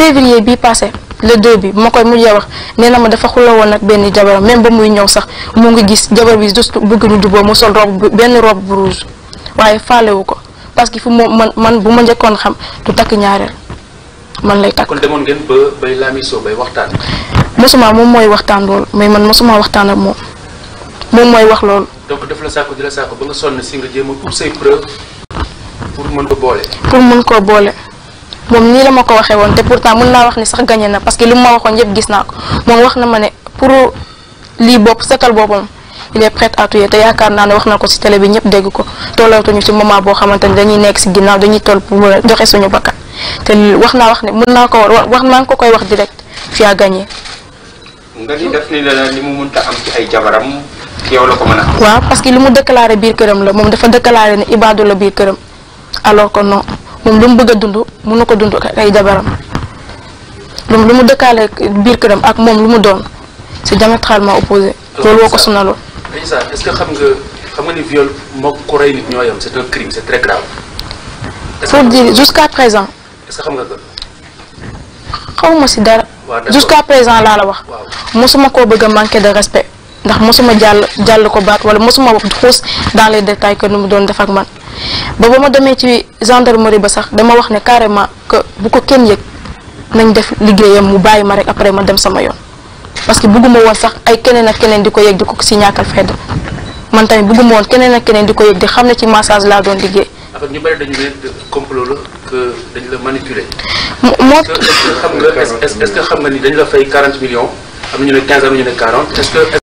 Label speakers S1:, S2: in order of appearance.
S1: février bi passé le 2 bi ma koy mujjee wax nee na ma dafa xuloo woon ak benn jabaram même ba muy ñëw sax mu ngi gis jabar bi juste bëgg ñu juboo mu sol robe benn robe bu rouge waaye faalewu ko parce que fu mu man man bu ma njëkkoon xam du takk ñaareel man lay
S2: takk. kon demoon ngeen
S1: ba moom mooy waxtaan loolu mais man mosuma waxtaan ak moom moom mooy wax loolu.
S2: donc daf la saako di la saako ba nga sonn
S1: pour mën koo boole. moom nii la ma ko waxee woon te pourtant mën naa wax ne sax gagné na parce que li mu ma waxoon yëpp gis naa ko moom wax na ma ne pour lii bopp setal boppam il est prêt à te yaakaar naa ne wax na ko ci télé bi ñëpp dégg ko tollatuñu ci moment boo xamante ne dañuy nekk ci ginnaaw dañuy toll pour joxe suñu bakkan te wax naa wax ne mën naa ko wax naa ko koy wax direct fi a gagné. nga waaw parce que li mu déclaré biir këram la moom dafa déclaré ne ibaadu la biir këram alors que moom lu mu bëgg a dund na ko dund ak ay jabaram moom lu mu dëkkaale biir këram ak moom lu mu doon si diamétralement opposé loolu woo ko sunaloon.
S2: Aïssa xam nga xam nga ni viol moog ku rey nit ñoo
S1: jusqu'à présent. xam nga ko. xawma ci dara.
S2: jusqu'à présent laa la wax.
S1: mosuma koo bëgg manqué manquer de respect ndax mosuma jàll jàll ko baat wala mosuma xuus dans les détails que nu mu doon def ak man. ba ba ma demee ci gendarmerie ba sax dama wax ne carrément que bu ko kenn yëg nañ def liggéeyam mu bàyyi ma rek après ma dem sama yoon parce que bëgguma woon sax ay keneen ak keneen di ko yëg di ko si ñàkkal fedd man tamit bëgguma woon keneen ak keneen di ko yëg di xam ne ci massage laa doon liggéey.
S2: ñu bari dañu ne complot la que moo est-ce que xam nga est-ce que xam nga ni dañu la fay millions am ñu ne 15 am ñu ne 40